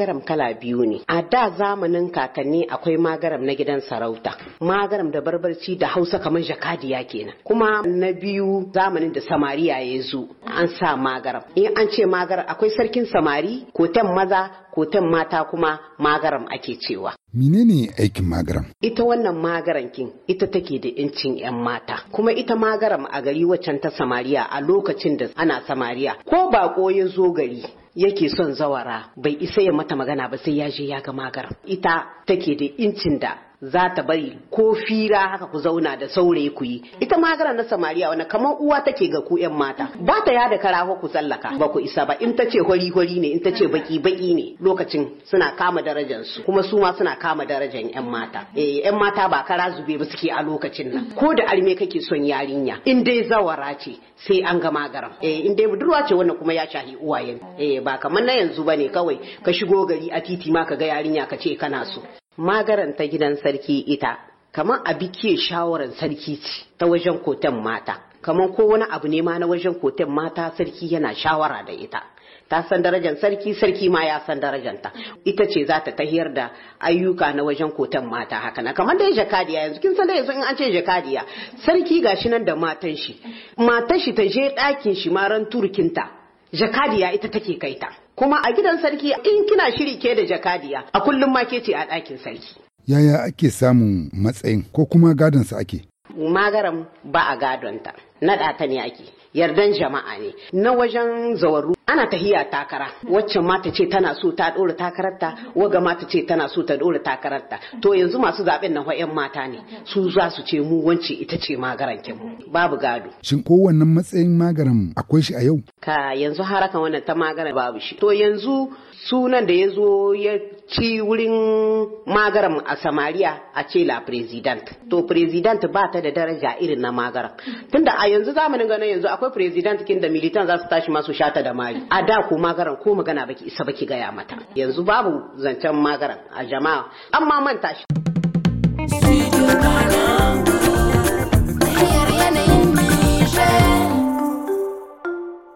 magaram kala biyu ne a da zamanin kakanni akwai magaram na gidan sarauta magaram da barbarci da hausa kamar jakadiya kenan kuma na biyu zamanin da samariya ya zo an sa magaram in an ce magaram akwai sarkin samari kotan maza kotan mata kuma magaram ake cewa menene aikin magaram ita wannan magaran kin ita take da incin yan mata kuma ita magaram a gari waccan ta samariya a lokacin da ana samariya ko bako ya zo gari yake son zawara bai isa ya mata magana ba sai ya je ya ga magar ita take da incin da za ta bari ko fira haka ku zauna da saurayi ku yi ita magara na samariya wani kamar uwa take ga ku yan mata ba ta yada kara ku tsallaka ba ku isa ba in ta ce hori hori ne in ta ce baki baki ne lokacin suna kama darajar su kuma su ma suna kama darajar yan mata eh yan mata ba kara zube ba suke a lokacin nan ko da arme kake son yarinya in dai zawara ce sai an ga magaran eh in dai budurwa ce wannan kuma ya shahi uwayen eh ba kamar na yanzu bane kawai ka shigo gari a titi ma ka ga yarinya ka ce kana so magaranta gidan sarki ita kamar a bikiye shawarar sarki ce ta wajen kotan mata kamar ko wani abu ne ma na wajen kotan mata sarki yana shawara da ita ta san darajar sarki sarki ma ya san darajanta ita ce za ta tahiyar da ayyuka na wajen kotan mata haka na kamar dai jakadiya yanzu kin san da yanzu in an ce jakadiya sarki gashi nan da matan shi matan shi ta je ɗakin shi ma ran turkinta jakadiya ita take kaita kuma a gidan sarki in kina shiri ke da jakadiya a kullum ma ke ce a ɗakin sarki. Yaya ake samun matsayin ko kuma gadonsa ake? Magaram ba a gadonta, naɗa ta ne ake, yardan jama'a ne, na wajen zawarru. ana tahiya takara waccan mata ce tana so ta dora takararta waga mata ce tana so ta dora takararta to yanzu masu zaben nan yan mata ne su za su ce mu wance ita ce magaran mu babu gado shin ko wannan matsayin magaran akwai shi a yau ka yanzu haraka wannan ta magaran babu shi to yanzu sunan da ya zo ya ci wurin magaram a samariya a ce la president to president ba ta da daraja irin na magaran, tunda a yanzu zamanin ganin yanzu akwai president kin da militan za su tashi masu shata da mari a da ko magaran ko magana baki isa baki gaya mata yanzu babu zancen magaran a jama'a amma manta shi